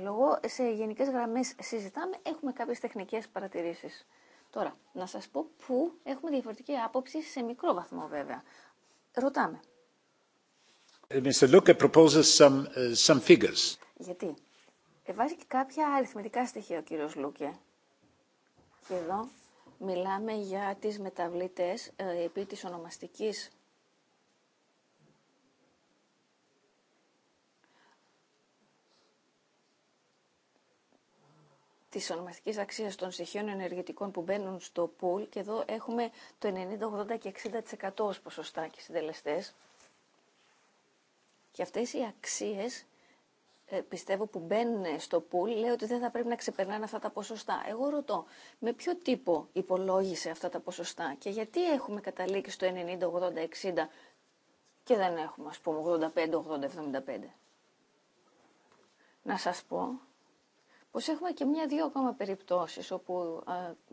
λόγω, Σε γενικές γραμμές συζητάμε, έχουμε κάποιες τεχνικές παρατηρήσεις. Τώρα, να σας πω που έχουμε διαφορετική άποψη σε μικρό βαθμό βέβαια. Ρωτάμε. Ε, Mr. Luca proposes some, ε, some figures. Γιατί. Ε, βάζει και κάποια αριθμητικά στοιχεία ο κύριος Λούκε. Και εδώ μιλάμε για τις μεταβλητές επί της ονομαστικής Τη ονομαστική αξία των στοιχείων ενεργητικών που μπαίνουν στο pool και εδώ έχουμε το 90, 80 και 60% ως ποσοστά και συντελεστέ. Και αυτές οι αξίες ε, πιστεύω που μπαίνουν στο πουλ λέει ότι δεν θα πρέπει να ξεπερνάνε αυτά τα ποσοστά. Εγώ ρωτώ, με ποιο τύπο υπολόγισε αυτά τα ποσοστά και γιατί έχουμε καταλήξει στο 90, 80, 60 και δεν έχουμε ας πούμε 85, 80, 75. Να σας πω πως έχουμε και μια-δύο ακόμα περιπτώσεις όπου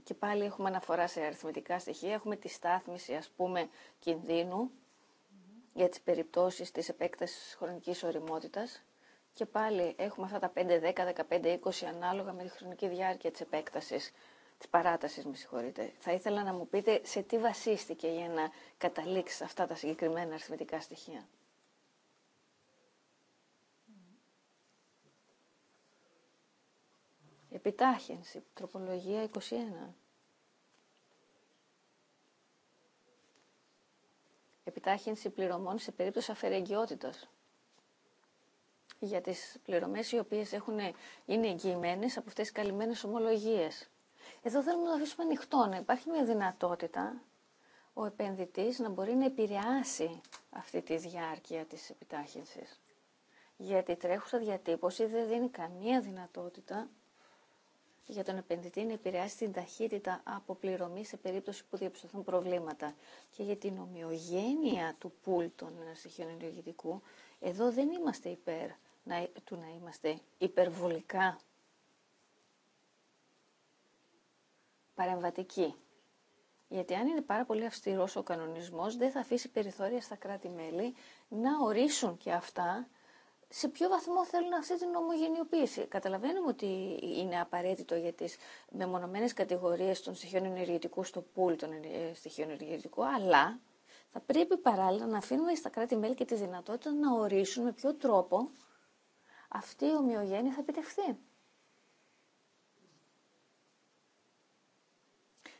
και πάλι έχουμε αναφορά σε αριθμητικά στοιχεία, έχουμε τη στάθμιση ας πούμε για τις περιπτώσεις της επέκτασης χρονικής οριμότητας και πάλι έχουμε αυτά τα 5, 10, 15, 20 ανάλογα με τη χρονική διάρκεια της επέκτασης της παράτασης, με συγχωρείτε. Θα ήθελα να μου πείτε σε τι βασίστηκε για να καταλήξει αυτά τα συγκεκριμένα αριθμητικά στοιχεία. Επιτάχυνση, τροπολογία 21. Επιτάχυνση πληρωμών σε περίπτωση αφαιρεγγιότητας για τις πληρωμές οι οποίες έχουν, είναι εγγυημένε από αυτές τις καλυμμένες ομολογίες. Εδώ θέλουμε να το αφήσουμε ανοιχτό, να υπάρχει μια δυνατότητα ο επενδυτής να μπορεί να επηρεάσει αυτή τη διάρκεια της επιτάχυνσης. Γιατί η τρέχουσα διατύπωση δεν δίνει καμία δυνατότητα για τον επενδυτή να επηρεάσει την ταχύτητα αποπληρωμή σε περίπτωση που διαπιστωθούν προβλήματα. Και για την ομοιογένεια του πουλ των στοιχείων ενεργητικού, εδώ δεν είμαστε υπέρ να, του να είμαστε υπερβολικά παρεμβατικοί. Γιατί αν είναι πάρα πολύ αυστηρός ο κανονισμός, δεν θα αφήσει περιθώρια στα κράτη-μέλη να ορίσουν και αυτά σε ποιο βαθμό θέλουν αυτή την ομογενειοποίηση. Καταλαβαίνουμε ότι είναι απαραίτητο για τις μεμονωμένες κατηγορίες των στοιχείων ενεργητικού στο πουλ των ε, στοιχείων ενεργητικού, αλλά θα πρέπει παράλληλα να αφήνουμε στα κράτη-μέλη και τη δυνατότητα να ορίσουν με ποιο τρόπο αυτή η ομοιογένεια θα επιτευχθεί.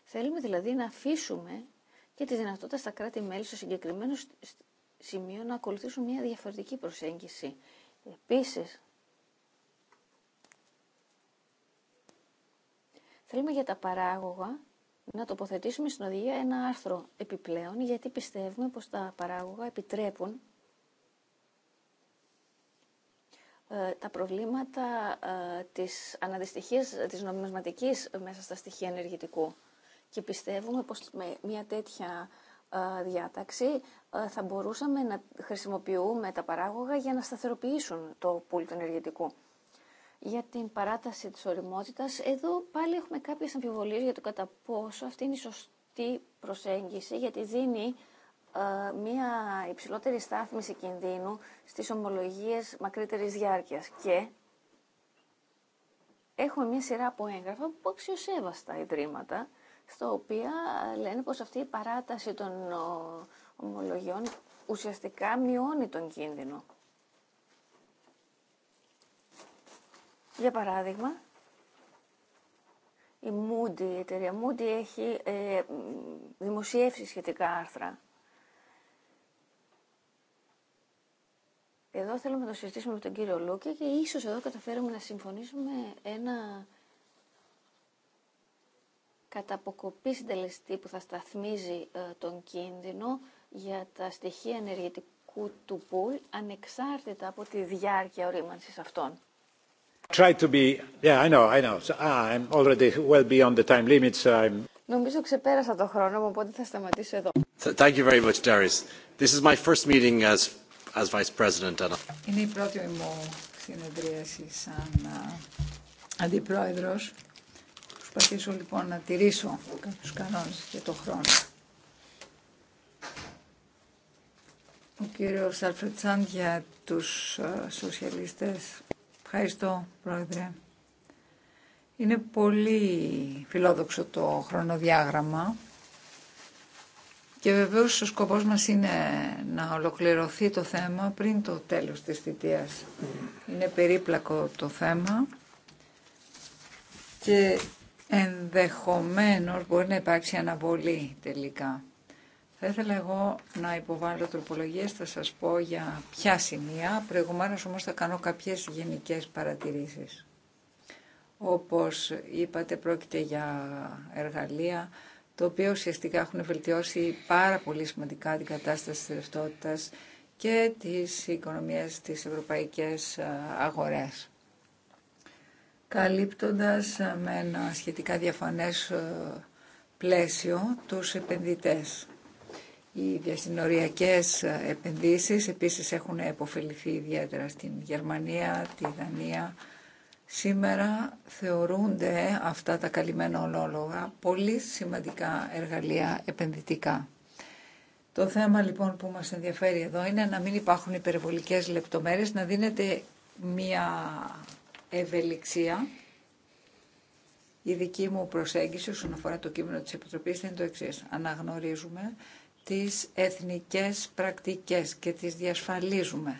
Θέλουμε δηλαδή να αφήσουμε και τη δυνατότητα στα κράτη-μέλη στο συγκεκριμένο σημείο να ακολουθήσουν μια διαφορετική προσέγγιση Επίσης, θέλουμε για τα παράγωγα να τοποθετήσουμε στην οδηγία ένα άρθρο επιπλέον, γιατί πιστεύουμε πως τα παράγωγα επιτρέπουν ε, τα προβλήματα ε, της αναδυστυχίας της νομισματικής μέσα στα στοιχεία ενεργητικού. Και πιστεύουμε πως με μια τέτοια ε, διάταξη ε, θα μπορούσαμε να χρησιμοποιούμε τα παράγωγα για να σταθεροποιήσουν το πουλ του ενεργετικού. Για την παράταση της οριμότητας, εδώ πάλι έχουμε κάποιες αμφιβολίες για το κατά πόσο αυτή είναι η σωστή προσέγγιση, γιατί δίνει ε, μία υψηλότερη στάθμιση κινδύνου στις ομολογίες μακρύτερης διάρκειας. Και έχουμε μία σειρά από έγγραφα που αξιοσέβαστα ιδρύματα, στο οποίο λένε πως αυτή η παράταση των ομολογιών ουσιαστικά μειώνει τον κίνδυνο. Για παράδειγμα, η Moody, η εταιρεία Moody έχει ε, δημοσιεύσει σχετικά άρθρα. Εδώ θέλουμε να το συζητήσουμε με τον κύριο Λούκη και ίσως εδώ καταφέρουμε να συμφωνήσουμε ένα κατά αποκοπή συντελεστή που θα σταθμίζει ε, τον κίνδυνο για τα στοιχεία ενεργητικού του πουλ ανεξάρτητα από τη διάρκεια ορίμανσης αυτών. Νομίζω ξεπέρασα το χρόνο μου, οπότε θα σταματήσω εδώ. Thank you very much, Darius. This is my first meeting as, as Vice President. Είναι η πρώτη μου συνεδρίαση σαν uh, αντιπρόεδρος προσπαθήσω λοιπόν να τηρήσω κάποιους κανόνες για το χρόνο. Ο κύριος Αλφρετσάν για τους ε, σοσιαλιστές. Ευχαριστώ, Πρόεδρε. Είναι πολύ φιλόδοξο το χρονοδιάγραμμα και βεβαίως ο σκοπός μας είναι να ολοκληρωθεί το θέμα πριν το τέλος της θητείας. Είναι περίπλακο το θέμα και ενδεχομένως μπορεί να υπάρξει αναβολή τελικά. Θα ήθελα εγώ να υποβάλω τροπολογίες, θα σας πω για ποια σημεία, προηγουμένως όμως θα κάνω κάποιες γενικές παρατηρήσεις. Όπως είπατε πρόκειται για εργαλεία, το οποίο ουσιαστικά έχουν βελτιώσει πάρα πολύ σημαντικά την κατάσταση της ρευτότητας και τις οικονομίες της ευρωπαϊκές ε, αγορές καλύπτοντας ε, με ένα σχετικά διαφανές ε, πλαίσιο τους επενδυτές. Οι διασυνοριακές ε, επενδύσεις επίσης έχουν επωφεληθεί ιδιαίτερα στην Γερμανία, τη Δανία. Σήμερα θεωρούνται αυτά τα καλυμμένα ολόλογα πολύ σημαντικά εργαλεία επενδυτικά. Το θέμα λοιπόν που μας ενδιαφέρει εδώ είναι να μην υπάρχουν υπερβολικές λεπτομέρειες, να δίνεται μία ευελιξία. Η δική μου προσέγγιση όσον αφορά το κείμενο της Επιτροπής είναι το εξής. Αναγνωρίζουμε τις εθνικές πρακτικές και τις διασφαλίζουμε.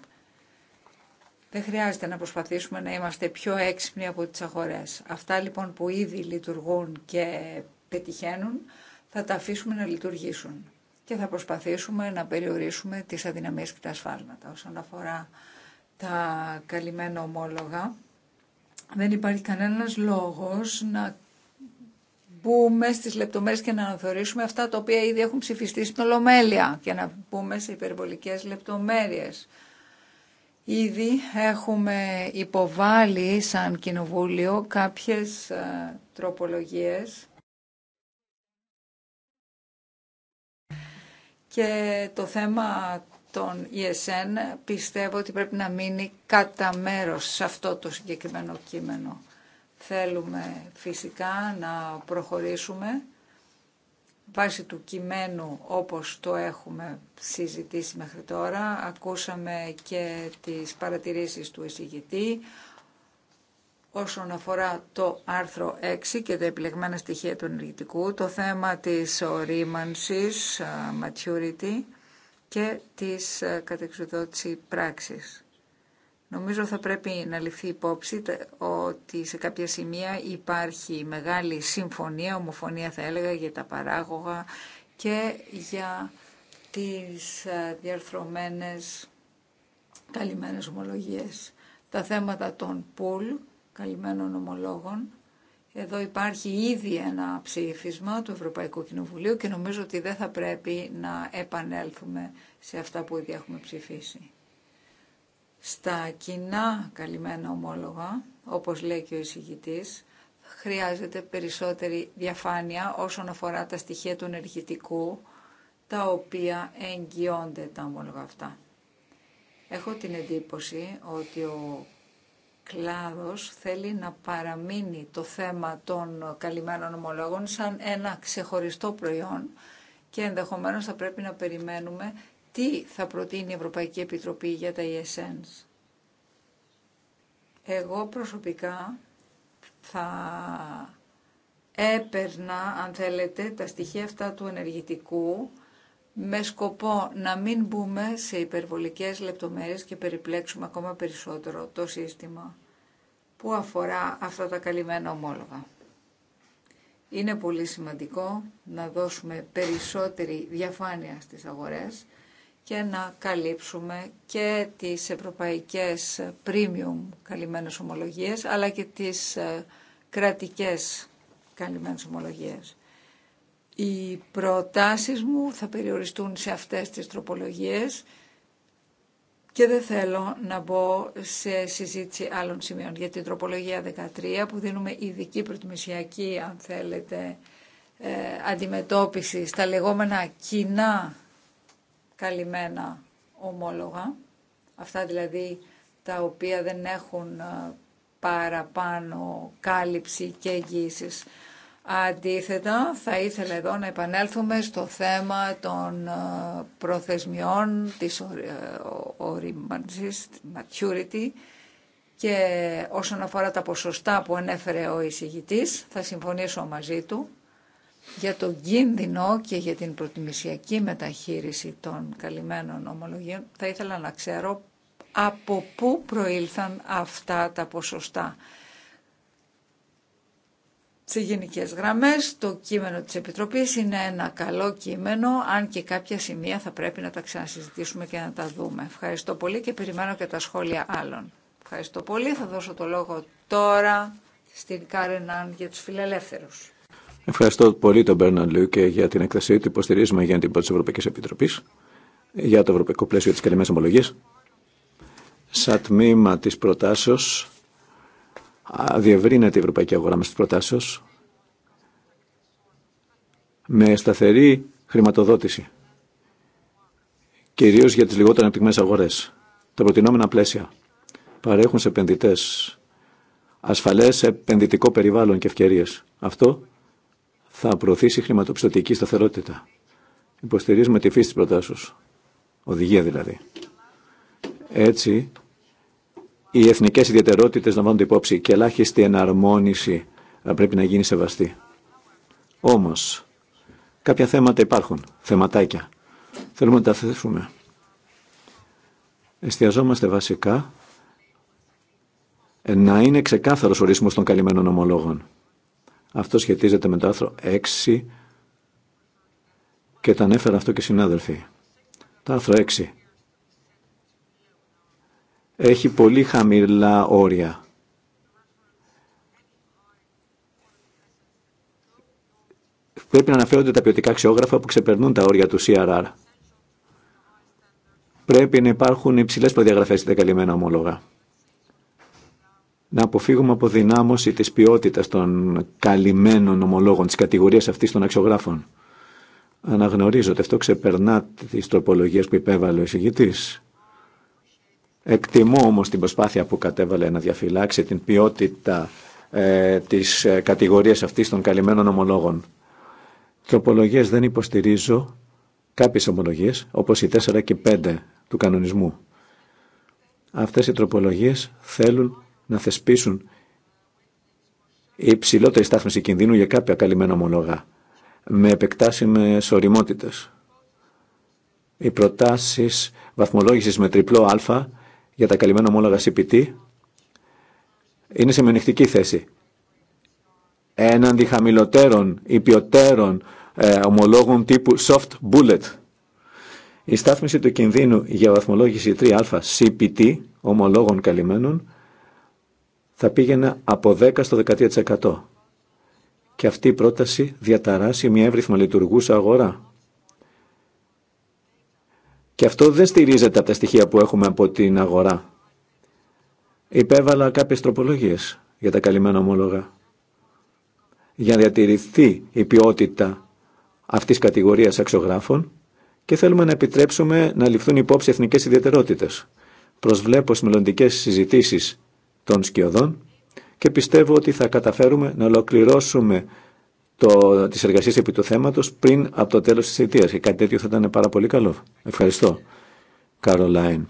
Δεν χρειάζεται να προσπαθήσουμε να είμαστε πιο έξυπνοι από τις αγορές. Αυτά λοιπόν που ήδη λειτουργούν και πετυχαίνουν θα τα αφήσουμε να λειτουργήσουν και θα προσπαθήσουμε να περιορίσουμε τις αδυναμίες και τα ασφάλματα. Όσον αφορά τα καλυμμένα ομόλογα, δεν υπάρχει κανένας λόγος να μπούμε στις λεπτομέρειες και να αναθεωρήσουμε αυτά τα οποία ήδη έχουν ψηφιστεί στην Ολομέλεια και να μπούμε σε υπερβολικές λεπτομέρειες. Ήδη έχουμε υποβάλει σαν Κοινοβούλιο κάποιες ε, τροπολογίες και το θέμα τον ESN πιστεύω ότι πρέπει να μείνει κατά μέρος σε αυτό το συγκεκριμένο κείμενο. Θέλουμε φυσικά να προχωρήσουμε βάσει του κειμένου όπως το έχουμε συζητήσει μέχρι τώρα. Ακούσαμε και τις παρατηρήσεις του εισηγητή όσον αφορά το άρθρο 6 και τα επιλεγμένα στοιχεία του ενεργητικού, το θέμα της ορίμανσης, uh, maturity, και της ε, κατεξουδότηση πράξης. Νομίζω θα πρέπει να ληφθεί υπόψη ότι σε κάποια σημεία υπάρχει μεγάλη συμφωνία, ομοφωνία θα έλεγα, για τα παράγωγα και για τις ε, διαρθρωμένες καλυμμένες ομολογίες. Τα θέματα των πουλ, καλυμμένων ομολόγων, εδώ υπάρχει ήδη ένα ψήφισμα του Ευρωπαϊκού Κοινοβουλίου και νομίζω ότι δεν θα πρέπει να επανέλθουμε σε αυτά που ήδη έχουμε ψηφίσει. Στα κοινά καλυμμένα ομόλογα, όπως λέει και ο εισηγητής, χρειάζεται περισσότερη διαφάνεια όσον αφορά τα στοιχεία του ενεργητικού, τα οποία εγγυώνται τα ομόλογα αυτά. Έχω την εντύπωση ότι ο κλάδος θέλει να παραμείνει το θέμα των καλυμμένων ομολόγων σαν ένα ξεχωριστό προϊόν και ενδεχομένως θα πρέπει να περιμένουμε τι θα προτείνει η Ευρωπαϊκή Επιτροπή για τα ESNs. Εγώ προσωπικά θα έπαιρνα, αν θέλετε, τα στοιχεία αυτά του ενεργητικού με σκοπό να μην μπούμε σε υπερβολικές λεπτομέρειες και περιπλέξουμε ακόμα περισσότερο το σύστημα που αφορά αυτά τα καλυμμένα ομόλογα. Είναι πολύ σημαντικό να δώσουμε περισσότερη διαφάνεια στις αγορές και να καλύψουμε και τις ευρωπαϊκές premium καλυμμένες ομολογίες αλλά και τις ε, κρατικές καλυμμένες ομολογίες. Οι προτάσεις μου θα περιοριστούν σε αυτές τις τροπολογίες και δεν θέλω να μπω σε συζήτηση άλλων σημείων για την τροπολογία 13 που δίνουμε ειδική προτιμησιακή αν θέλετε ε, αντιμετώπιση στα λεγόμενα κοινά καλυμμένα ομόλογα αυτά δηλαδή τα οποία δεν έχουν ε, παραπάνω κάλυψη και εγγύησης. Αντίθετα, θα ήθελα εδώ να επανέλθουμε στο θέμα των ε, προθεσμιών της ε, ορίμανσης, maturity, και όσον αφορά τα ποσοστά που ανέφερε ο εισηγητής, θα συμφωνήσω μαζί του για τον κίνδυνο και για την προτιμησιακή μεταχείριση των καλυμμένων ομολογίων. Θα ήθελα να ξέρω από πού προήλθαν αυτά τα ποσοστά σε γενικέ γραμμές το κείμενο της Επιτροπής είναι ένα καλό κείμενο, αν και κάποια σημεία θα πρέπει να τα ξανασυζητήσουμε και να τα δούμε. Ευχαριστώ πολύ και περιμένω και τα σχόλια άλλων. Ευχαριστώ πολύ. Θα δώσω το λόγο τώρα στην Κάρεναν για τους φιλελεύθερους. Ευχαριστώ πολύ τον Μπέρναν Λούκε για την έκθεσή του. Υποστηρίζουμε για την πρώτη τη Ευρωπαϊκή Επιτροπή για το Ευρωπαϊκό Πλαίσιο τη Καλυμμένη Ομολογία. Σαν τμήμα τη προτάσεω διευρύνεται η ευρωπαϊκή αγορά με τις προτάσεις με σταθερή χρηματοδότηση κυρίως για τις λιγότερο αναπτυγμένες αγορές. Τα προτινόμενα πλαίσια παρέχουν σε επενδυτές ασφαλές επενδυτικό περιβάλλον και ευκαιρίε. Αυτό θα προωθήσει χρηματοπιστωτική σταθερότητα. Υποστηρίζουμε τη φύση της προτάσεως. Οδηγία δηλαδή. Έτσι οι εθνικές ιδιαιτερότητες λαμβάνονται υπόψη και ελάχιστη εναρμόνιση ε, πρέπει να γίνει σεβαστή. Όμως, κάποια θέματα υπάρχουν, θεματάκια. Θέλουμε να τα θέσουμε. Εστιαζόμαστε βασικά να είναι ξεκάθαρος ορισμός των καλυμμένων ομολόγων. Αυτό σχετίζεται με το άρθρο 6 και τα ανέφερα αυτό και συνάδελφοι. Το άρθρο 6 έχει πολύ χαμηλά όρια. Πρέπει να αναφέρονται τα ποιοτικά αξιόγραφα που ξεπερνούν τα όρια του CRR. Πρέπει να υπάρχουν υψηλές προδιαγραφές τα καλυμμένα ομόλογα. Να αποφύγουμε από δυνάμωση της ποιότητας των καλυμμένων ομολόγων, της κατηγορίας αυτής των αξιογράφων. Αναγνωρίζω ότι αυτό ξεπερνά τις τροπολογίες που υπέβαλε ο εισηγητής Εκτιμώ όμως την προσπάθεια που κατέβαλε να διαφυλάξει την ποιότητα ε, της ε, κατηγορίας αυτής των καλυμμένων ομολόγων. Τροπολογίες δεν υποστηρίζω κάποιες ομολογίες, όπως οι 4 και 5 του κανονισμού. Αυτές οι τροπολογίες θέλουν να θεσπίσουν υψηλότερη στάθμιση κινδύνου για κάποια καλυμμένα ομολόγα, με επεκτάσιμες οριμότητες. Οι προτάσεις βαθμολόγησης με τριπλό αλφα για τα καλυμμένα ομόλογα CPT είναι σε μειονεκτική θέση. Έναντι χαμηλότερων ή ποιοτέρων ε, ομολόγων τύπου soft bullet. Η στάθμιση του κινδύνου για βαθμολόγηση 3α CPT ομολόγων καλυμμένων θα πήγαινε από 10% στο 13%. Και αυτή η πρόταση διαταράσσει μια εύρυθμα αγορά και αυτό δεν στηρίζεται από τα στοιχεία που έχουμε από την αγορά. Υπέβαλα κάποιες τροπολογίες για τα καλυμμένα ομόλογα. Για να διατηρηθεί η ποιότητα αυτής κατηγορίας αξιογράφων και θέλουμε να επιτρέψουμε να ληφθούν υπόψη εθνικές ιδιαιτερότητες. Προσβλέπω στις μελλοντικές συζητήσεις των σκιωδών και πιστεύω ότι θα καταφέρουμε να ολοκληρώσουμε το, της εργασίας επί του θέματος πριν από το τέλος της αιτίας και κάτι τέτοιο θα ήταν πάρα πολύ καλό. Ευχαριστώ. Καρολάιν.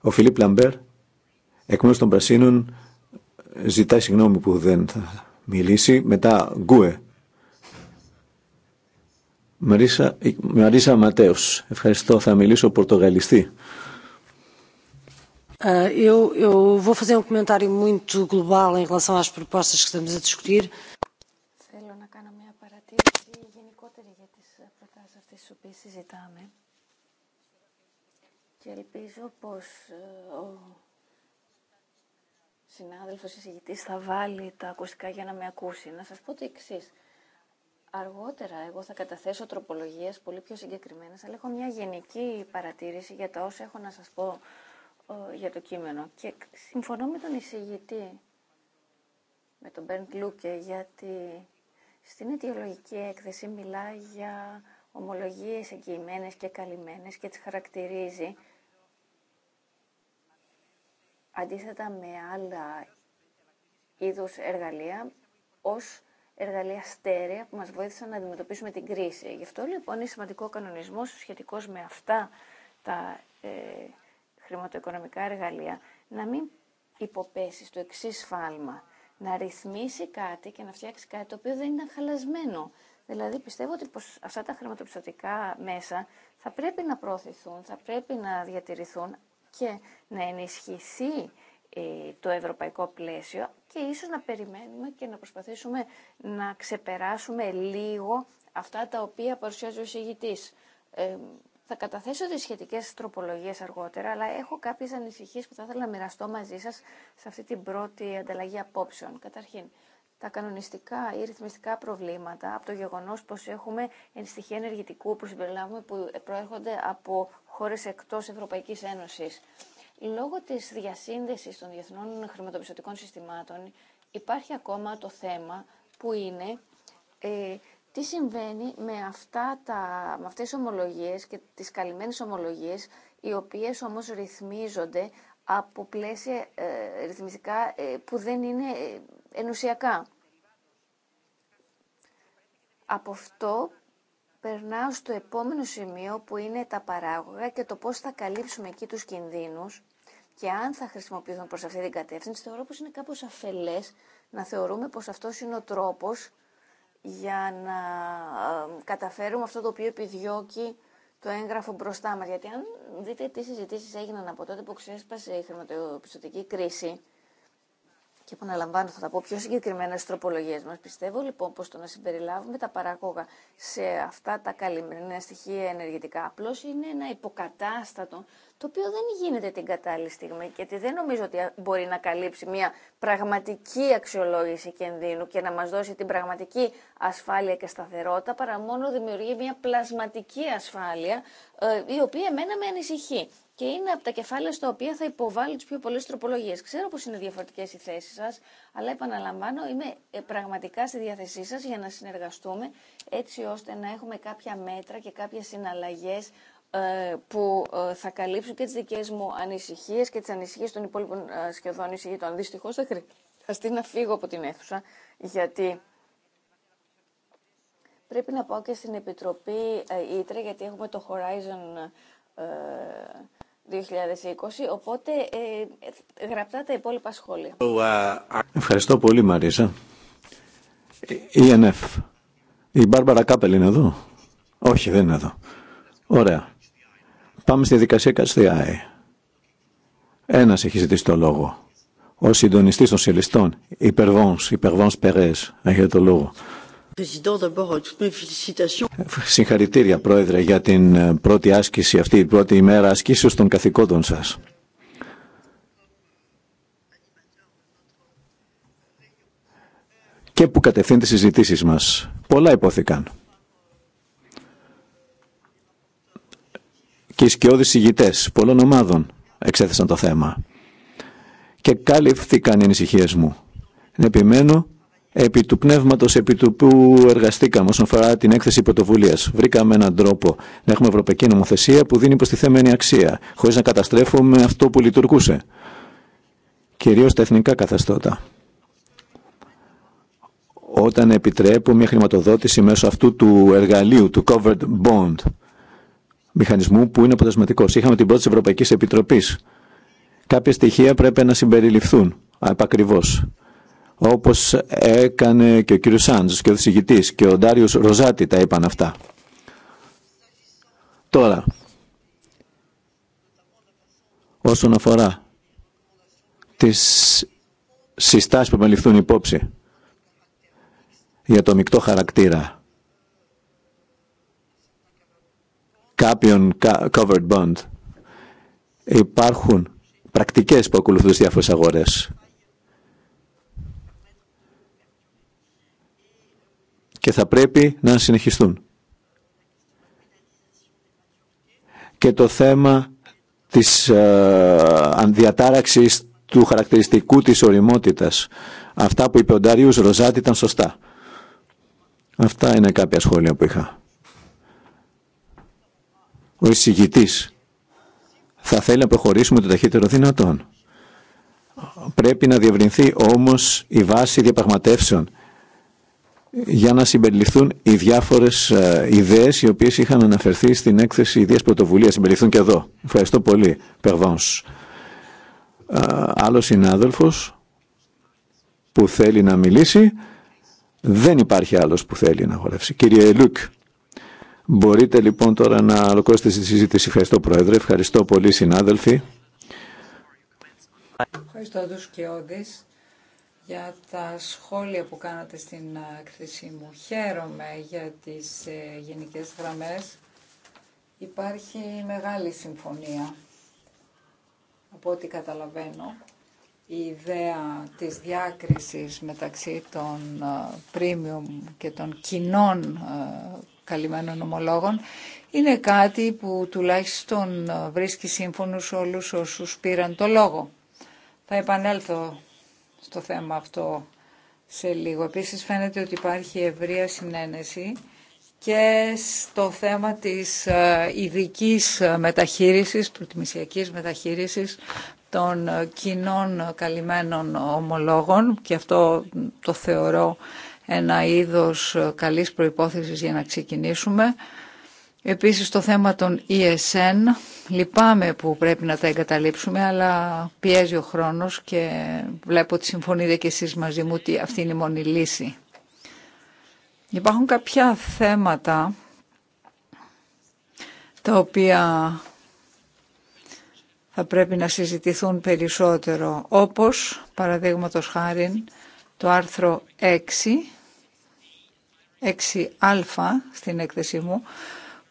Ο Φιλίπ Λαμπέρ, εκ μέρους των Πρασίνων, ζητάει συγγνώμη που δεν θα μιλήσει. Μετά Γκουε. Μαρίσα, Ματέος. Ευχαριστώ. Θα μιλήσω πορτογαλιστή. Ah, eu, vou fazer um comentário muito global em relação às propostas que estamos a discutir. Θέλω να κάνω μια παρατήρηση γενικότερη για τις προτάσεις αυτές συζητάμε και ελπίζω πως ε, ο συνάδελφος εισηγητής θα βάλει τα ακουστικά για να με ακούσει. Να σας πω το εξή. Αργότερα εγώ θα καταθέσω τροπολογίες πολύ πιο συγκεκριμένες, αλλά έχω μια γενική παρατήρηση για τα όσα έχω να σας πω ε, για το κείμενο και συμφωνώ με τον εισηγητή, με τον Μπέρντ Λούκε, γιατί στην αιτιολογική έκθεση μιλά για ομολογίες εγγυημένες και καλυμμένες και τις χαρακτηρίζει αντίθετα με άλλα είδους εργαλεία ως εργαλεία στέρεα που μας βοήθησαν να αντιμετωπίσουμε την κρίση. Γι' αυτό λοιπόν είναι σημαντικό ο κανονισμός σχετικός με αυτά τα ε, χρηματοοικονομικά εργαλεία να μην υποπέσει στο εξή φάλμα, Να ρυθμίσει κάτι και να φτιάξει κάτι το οποίο δεν είναι χαλασμένο. Δηλαδή πιστεύω ότι πως αυτά τα χρηματοπιστωτικά μέσα θα πρέπει να προωθηθούν, θα πρέπει να διατηρηθούν και να ενισχυθεί ε, το ευρωπαϊκό πλαίσιο και ίσως να περιμένουμε και να προσπαθήσουμε να ξεπεράσουμε λίγο αυτά τα οποία παρουσιάζει ο εισηγητής. Ε, θα καταθέσω τις σχετικές τροπολογίες αργότερα, αλλά έχω κάποιες ανησυχίες που θα ήθελα να μοιραστώ μαζί σας σε αυτή την πρώτη ανταλλαγή απόψεων. Καταρχήν, τα κανονιστικά ή ρυθμιστικά προβλήματα από το γεγονός πως έχουμε ενστοιχεία ενεργητικού που συμπεριλάβουμε που προέρχονται από χώρες εκτός Ευρωπαϊκής Ένωσης. Λόγω της διασύνδεσης των διεθνών χρηματοπιστωτικών συστημάτων υπάρχει ακόμα το θέμα που είναι ε, τι συμβαίνει με, αυτά τα, με αυτές τις ομολογίες και τις καλυμμένες ομολογίες, οι οποίες όμως ρυθμίζονται από πλαίσια ε, ρυθμιστικά ε, που δεν είναι ε, ενουσιακά. Από αυτό περνάω στο επόμενο σημείο που είναι τα παράγωγα και το πώς θα καλύψουμε εκεί τους κινδύνους και αν θα χρησιμοποιηθούν προς αυτή την κατεύθυνση, θεωρώ πως είναι κάπως αφελές να θεωρούμε πως αυτός είναι ο τρόπος για να καταφέρουμε αυτό το οποίο επιδιώκει το έγγραφο μπροστά μας. Γιατί αν δείτε τι συζητήσεις έγιναν από τότε που ξέσπασε η χρηματοπιστωτική κρίση, και επαναλαμβάνω, θα τα πω πιο συγκεκριμένα στι τροπολογίε μα. Πιστεύω λοιπόν πω το να συμπεριλάβουμε τα παράγωγα σε αυτά τα καλυμμένα στοιχεία ενεργητικά απλώ είναι ένα υποκατάστατο το οποίο δεν γίνεται την κατάλληλη στιγμή Γιατί δεν νομίζω ότι μπορεί να καλύψει μια πραγματική αξιολόγηση κινδύνου και να μα δώσει την πραγματική ασφάλεια και σταθερότητα παρά μόνο δημιουργεί μια πλασματική ασφάλεια ε, η οποία εμένα με ανησυχεί και είναι από τα κεφάλαια στα οποία θα υποβάλω τι πιο πολλέ τροπολογίε. Ξέρω πω είναι διαφορετικέ οι θέσει σα, αλλά επαναλαμβάνω, είμαι ε, πραγματικά στη διάθεσή σα για να συνεργαστούμε έτσι ώστε να έχουμε κάποια μέτρα και κάποιε συναλλαγέ ε, που ε, θα καλύψουν και τι δικέ μου ανησυχίε και τι ανησυχίε των υπόλοιπων σχεδόν εισηγητών. Δυστυχώ θα χρειαστεί να φύγω από την αίθουσα, γιατί πρέπει να πάω και στην Επιτροπή Ήτρε, γιατί έχουμε το Horizon 2020, ε, οπότε ε, γραπτά τα υπόλοιπα σχόλια. Uh, Ευχαριστώ πολύ Μαρίσα. ΕΝΕΦ. Η Μπάρμπαρα Κάπελ είναι εδώ. Όχι, δεν είναι εδώ. Ωραία. Πάμε στη δικασία Καστιάη. Ένας έχει ζητήσει το λόγο. Ο συντονιστής των συλλιστών, υπερβόνς, υπερβόνς Περές, έχει το λόγο. Euh, Συγχαρητήρια, Πρόεδρε, για την ε, πρώτη άσκηση αυτή, η πρώτη ημέρα άσκησης των καθηκόντων σας. Και που κατευθύνει τι συζητήσεις μας. Πολλά υπόθηκαν. Και οι σκιώδεις ηγητές πολλών ομάδων εξέθεσαν το θέμα. Και κάλυφθηκαν οι ανησυχίε μου. Επιμένω επί του πνεύματος επί του που εργαστήκαμε όσον αφορά την έκθεση πρωτοβουλία. Βρήκαμε έναν τρόπο να έχουμε ευρωπαϊκή νομοθεσία που δίνει προστιθέμενη αξία, χωρί να καταστρέφουμε αυτό που λειτουργούσε. Κυρίω τα εθνικά καθεστώτα. Όταν επιτρέπω μια χρηματοδότηση μέσω αυτού του εργαλείου, του covered bond, μηχανισμού που είναι αποτελεσματικό. Είχαμε την πρώτη Ευρωπαϊκή Επιτροπή. Κάποια στοιχεία πρέπει να συμπεριληφθούν επακριβώ όπως έκανε και ο κύριος Σάντζος και ο δισηγητής και ο Ντάριος Ροζάτη τα είπαν αυτά. Τώρα, όσον αφορά τις συστάσεις που με υπόψη για το μεικτό χαρακτήρα κάποιων covered bond υπάρχουν πρακτικές που ακολουθούν στις διάφορες αγορές και θα πρέπει να συνεχιστούν. Και το θέμα της ε, αντιατάραξης του χαρακτηριστικού της οριμότητας. Αυτά που είπε ο Ντάριους Ροζάτη ήταν σωστά. Αυτά είναι κάποια σχόλια που είχα. Ο εισηγητής θα θέλει να προχωρήσουμε το ταχύτερο δυνατόν. Πρέπει να διευρυνθεί όμως η βάση διαπραγματεύσεων για να συμπεριληφθούν οι διάφορες ε, ιδέες οι οποίες είχαν αναφερθεί στην έκθεση ιδέε πρωτοβουλία συμπεριληφθούν και εδώ. Ευχαριστώ πολύ, Περβάνς. Ε, άλλος συνάδελφο που θέλει να μιλήσει. Δεν υπάρχει άλλος που θέλει να χορεύσει. Κύριε Λουκ, μπορείτε λοιπόν τώρα να ολοκληρώσετε τη συζήτηση. Ευχαριστώ, Πρόεδρε. Ευχαριστώ πολύ, συνάδελφοι. Ευχαριστώ τους για τα σχόλια που κάνατε στην έκθεσή μου. Χαίρομαι για τις ε, γενικές γραμμές. Υπάρχει μεγάλη συμφωνία. Από ό,τι καταλαβαίνω, η ιδέα της διάκρισης μεταξύ των ε, premium και των κοινών ε, καλυμμένων ομολόγων είναι κάτι που τουλάχιστον βρίσκει σύμφωνους όλους όσους πήραν το λόγο. Θα επανέλθω στο θέμα αυτό σε λίγο. Επίσης φαίνεται ότι υπάρχει ευρεία συνένεση και στο θέμα της ε, ειδική ε, μεταχείρισης, προτιμησιακής μεταχείρισης των ε, κοινών καλυμμένων ομολόγων και αυτό το θεωρώ ένα είδος καλής προϋπόθεσης για να ξεκινήσουμε. Επίσης το θέμα των ESN, λυπάμαι που πρέπει να τα εγκαταλείψουμε, αλλά πιέζει ο χρόνος και βλέπω ότι συμφωνείτε και εσείς μαζί μου ότι αυτή είναι η μόνη λύση. Υπάρχουν κάποια θέματα τα οποία θα πρέπει να συζητηθούν περισσότερο, όπως παραδείγματος χάρη το άρθρο 6, 6α στην έκθεσή μου,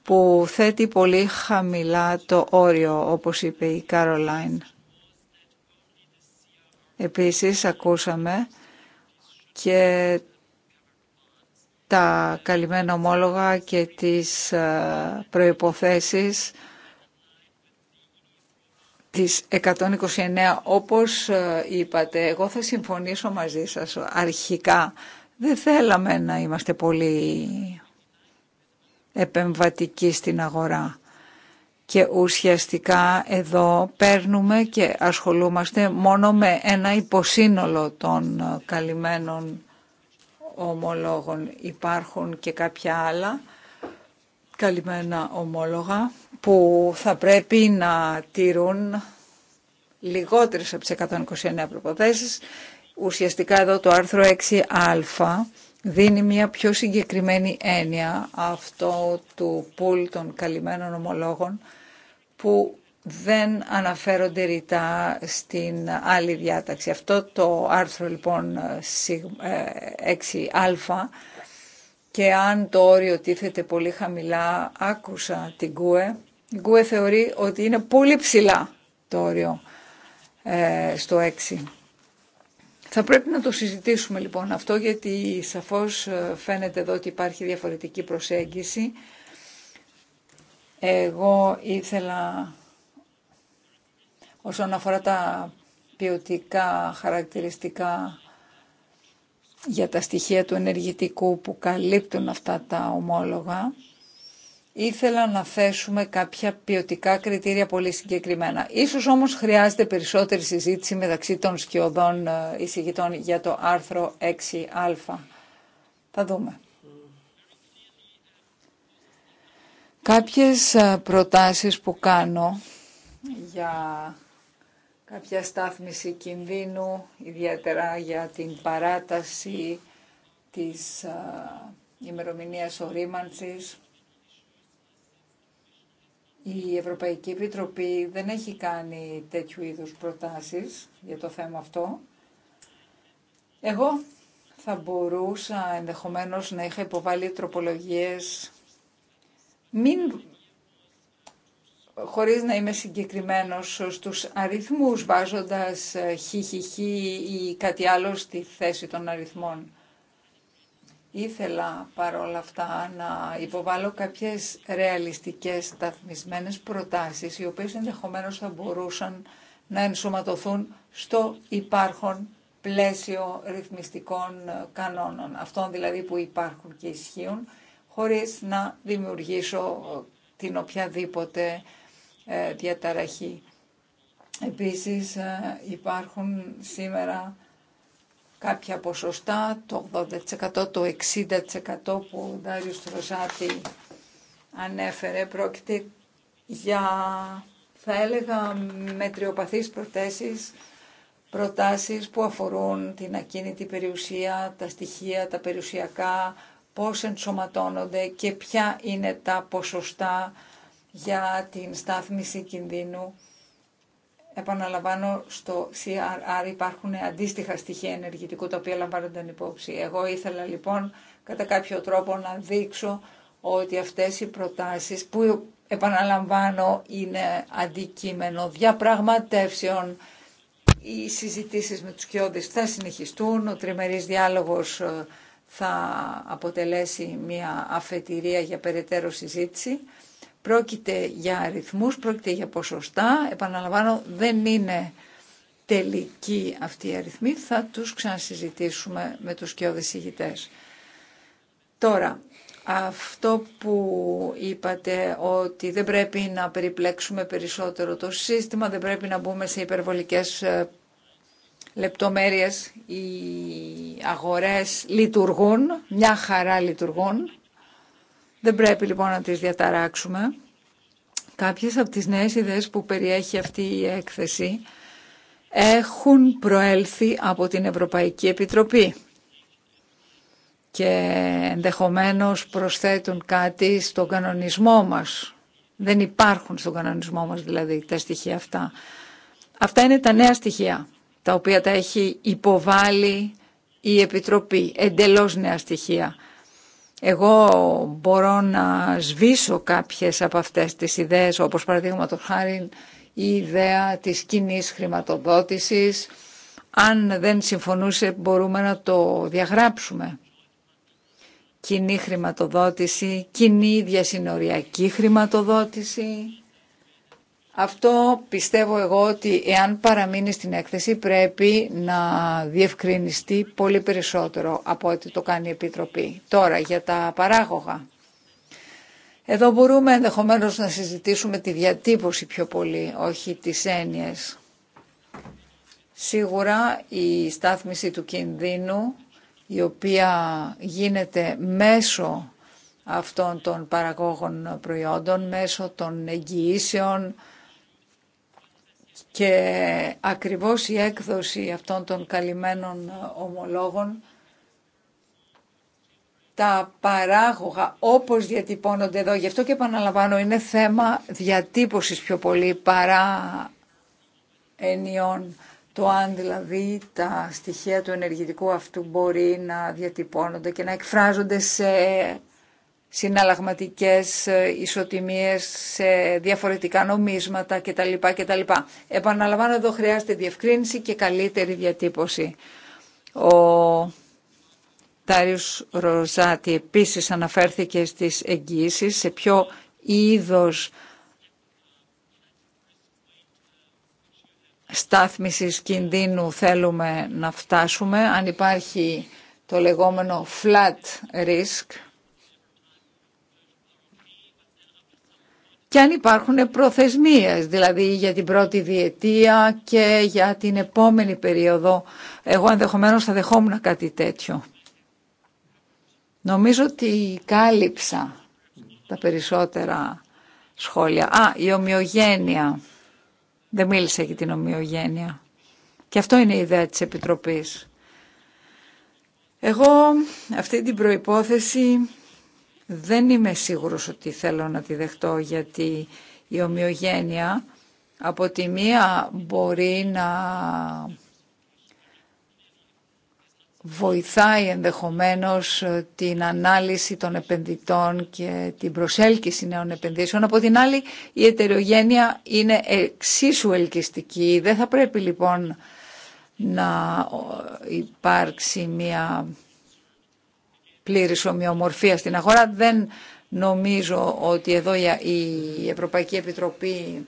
που θέτει πολύ χαμηλά το όριο, όπως είπε η Κάρολάιν. Επίσης, ακούσαμε και τα καλυμμένα ομόλογα και τις ε, προϋποθέσεις της 129 όπως ε, είπατε εγώ θα συμφωνήσω μαζί σας αρχικά δεν θέλαμε να είμαστε πολύ επεμβατική στην αγορά. Και ουσιαστικά εδώ παίρνουμε και ασχολούμαστε μόνο με ένα υποσύνολο των ε, καλυμμένων ομολόγων. Υπάρχουν και κάποια άλλα καλυμμένα ομόλογα που θα πρέπει να τηρούν λιγότερες από τις 129 προποθέσεις. Ουσιαστικά εδώ το άρθρο 6α δίνει μια πιο συγκεκριμένη έννοια αυτό του πουλ των καλυμμένων ομολόγων που δεν αναφέρονται ρητά στην άλλη διάταξη. Αυτό το άρθρο λοιπόν 6α ε, και αν το όριο τίθεται πολύ χαμηλά, άκουσα την ΚΟΕ. Η ΚΟΕ θεωρεί ότι είναι πολύ ψηλά το όριο ε, στο 6. Θα πρέπει να το συζητήσουμε λοιπόν αυτό γιατί σαφώς ε, φαίνεται εδώ ότι υπάρχει διαφορετική προσέγγιση. Εγώ ήθελα όσον αφορά τα ποιοτικά χαρακτηριστικά για τα στοιχεία του ενεργητικού που καλύπτουν αυτά τα ομόλογα ήθελα να θέσουμε κάποια ποιοτικά κριτήρια πολύ συγκεκριμένα. Ίσως όμως χρειάζεται περισσότερη συζήτηση μεταξύ των σκιωδών ε, εισηγητών για το άρθρο 6α. Θα δούμε. Κάποιες ε, προτάσεις που κάνω για κάποια στάθμιση κινδύνου, ιδιαίτερα για την παράταση της ε, ημερομηνίας ορίμανσης, η Ευρωπαϊκή Επιτροπή δεν έχει κάνει τέτοιου είδους προτάσεις για το θέμα αυτό. Εγώ θα μπορούσα ενδεχομένως να είχα υποβάλει τροπολογίες μην χωρίς να είμαι συγκεκριμένος στους αριθμούς βάζοντας χιχιχι ή κάτι άλλο στη θέση των αριθμών. Ήθελα παρόλα αυτά να υποβάλω κάποιες ρεαλιστικές σταθμισμένες προτάσεις οι οποίες ενδεχομένως θα μπορούσαν να ενσωματωθούν στο υπάρχον πλαίσιο ρυθμιστικών κανόνων, αυτών δηλαδή που υπάρχουν και ισχύουν, χωρίς να δημιουργήσω την οποιαδήποτε ε, διαταραχή. Επίσης ε, υπάρχουν σήμερα κάποια ποσοστά, το 80%, το 60% που ο Δάριος Τροζάτη ανέφερε. Πρόκειται για, θα έλεγα, μετριοπαθείς προτάσεις, προτάσεις που αφορούν την ακίνητη περιουσία, τα στοιχεία, τα περιουσιακά, πώς ενσωματώνονται και ποια είναι τα ποσοστά για την στάθμιση κινδύνου επαναλαμβάνω, στο CRR υπάρχουν αντίστοιχα στοιχεία ενεργητικού τα οποία λαμβάνονταν υπόψη. Εγώ ήθελα λοιπόν κατά κάποιο τρόπο να δείξω ότι αυτές οι προτάσεις που επαναλαμβάνω είναι αντικείμενο διαπραγματεύσεων, οι συζητήσεις με τους κοιόδες θα συνεχιστούν, ο τριμερής διάλογος ε, θα αποτελέσει μια αφετηρία για περαιτέρω συζήτηση. Πρόκειται για αριθμούς, πρόκειται για ποσοστά. Επαναλαμβάνω, δεν είναι τελική αυτή η αριθμή. Θα τους ξανασυζητήσουμε με τους κοιόδες ηγητές. Τώρα, αυτό που είπατε ότι δεν πρέπει να περιπλέξουμε περισσότερο το σύστημα, δεν πρέπει να μπούμε σε υπερβολικές ε, λεπτομέρειες. Οι αγορές λειτουργούν, μια χαρά λειτουργούν. Δεν πρέπει λοιπόν να τις διαταράξουμε. Κάποιες από τις νέες ιδέες που περιέχει αυτή η έκθεση έχουν προέλθει από την Ευρωπαϊκή Επιτροπή και ενδεχομένως προσθέτουν κάτι στον κανονισμό μας. Δεν υπάρχουν στον κανονισμό μας δηλαδή τα στοιχεία αυτά. Αυτά είναι τα νέα στοιχεία, τα οποία τα έχει υποβάλει η Επιτροπή, εντελώς νέα στοιχεία. Εγώ μπορώ να σβήσω κάποιες από αυτές τις ιδέες, όπως παραδείγματο χάρη η ιδέα της κοινή χρηματοδότησης. Αν δεν συμφωνούσε μπορούμε να το διαγράψουμε. Κοινή χρηματοδότηση, κοινή διασυνοριακή χρηματοδότηση. Αυτό πιστεύω εγώ ότι εάν παραμείνει στην έκθεση πρέπει να διευκρινιστεί πολύ περισσότερο από ό,τι το κάνει η Επιτροπή. Τώρα για τα παράγωγα. Εδώ μπορούμε ενδεχομένως να συζητήσουμε τη διατύπωση πιο πολύ, όχι τις έννοιες. Σίγουρα η στάθμιση του κινδύνου, η οποία γίνεται μέσω αυτών των παραγόγων προϊόντων, μέσω των εγγυήσεων, και ακριβώς η έκδοση αυτών των καλυμμένων ε, ομολόγων, τα παράγωγα όπως διατυπώνονται εδώ, γι' αυτό και επαναλαμβάνω, είναι θέμα διατύπωσης πιο πολύ παρά ενιών. Το αν δηλαδή τα στοιχεία του ενεργητικού αυτού μπορεί να διατυπώνονται και να εκφράζονται σε συναλλαγματικές ε, ισοτιμίες σε διαφορετικά νομίσματα κτλ. κτλ. Επαναλαμβάνω εδώ χρειάζεται διευκρίνηση και καλύτερη διατύπωση. Ο Τάριος Ροζάτη επίσης αναφέρθηκε στις εγγύησει σε ποιο είδος στάθμισης κινδύνου θέλουμε να φτάσουμε, αν υπάρχει το λεγόμενο flat risk, και αν υπάρχουν προθεσμίες, δηλαδή για την πρώτη διετία και για την επόμενη περίοδο. Εγώ ενδεχομένω θα δεχόμουν κάτι τέτοιο. Νομίζω ότι κάλυψα τα περισσότερα σχόλια. Α, η ομοιογένεια. Δεν μίλησα για την ομοιογένεια. Και αυτό είναι η ιδέα της Επιτροπής. Εγώ αυτή την προϋπόθεση δεν είμαι σίγουρος ότι θέλω να τη δεχτώ γιατί η ομοιογένεια από τη μία μπορεί να βοηθάει ενδεχομένως την ανάλυση των επενδυτών και την προσέλκυση νέων επενδύσεων. Από την άλλη, η ετερογένεια είναι εξίσου ελκυστική. Δεν θα πρέπει λοιπόν να υπάρξει μια πλήρης ομοιομορφία στην αγορά. Δεν νομίζω ότι εδώ η Ευρωπαϊκή Επιτροπή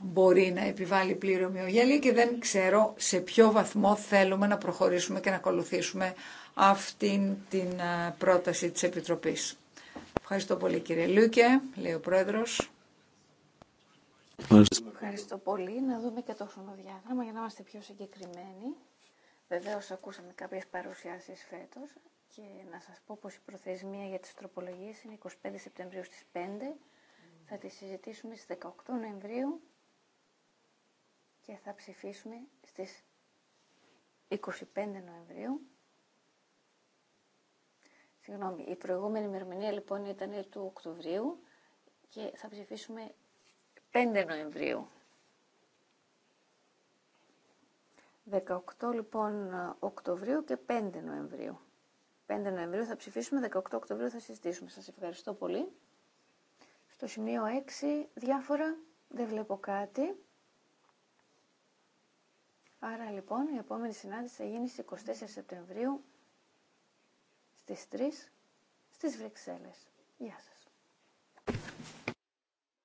μπορεί να επιβάλλει πλήρη ομοιογένεια και δεν ξέρω σε ποιο βαθμό θέλουμε να προχωρήσουμε και να ακολουθήσουμε αυτή την ε, πρόταση της Επιτροπής. Ευχαριστώ πολύ κύριε Λούκε, λέει ο Πρόεδρος. Ευχαριστώ πολύ. Να δούμε και το χρονοδιάγραμμα για να είμαστε πιο συγκεκριμένοι. Βεβαίως ακούσαμε κάποιες παρουσιάσεις φέτος. Και να σας πω πως η προθεσμία για τις τροπολογίες είναι 25 Σεπτεμβρίου στις 5. Θα τις συζητήσουμε στις 18 Νοεμβρίου και θα ψηφίσουμε στις 25 Νοεμβρίου. Συγγνώμη, η προηγούμενη ημερομηνία λοιπόν ήταν του Οκτωβρίου και θα ψηφίσουμε 5 Νοεμβρίου. 18 λοιπόν Οκτωβρίου και 5 Νοεμβρίου. 5 Νοεμβρίου θα ψηφίσουμε, 18 Οκτωβρίου θα συζητήσουμε. Σας ευχαριστώ πολύ. Στο σημείο 6, διάφορα, δεν βλέπω κάτι. Άρα λοιπόν η επόμενη συνάντηση θα γίνει στις 24 Σεπτεμβρίου στις 3 στις Βρυξέλλες. Γεια σας.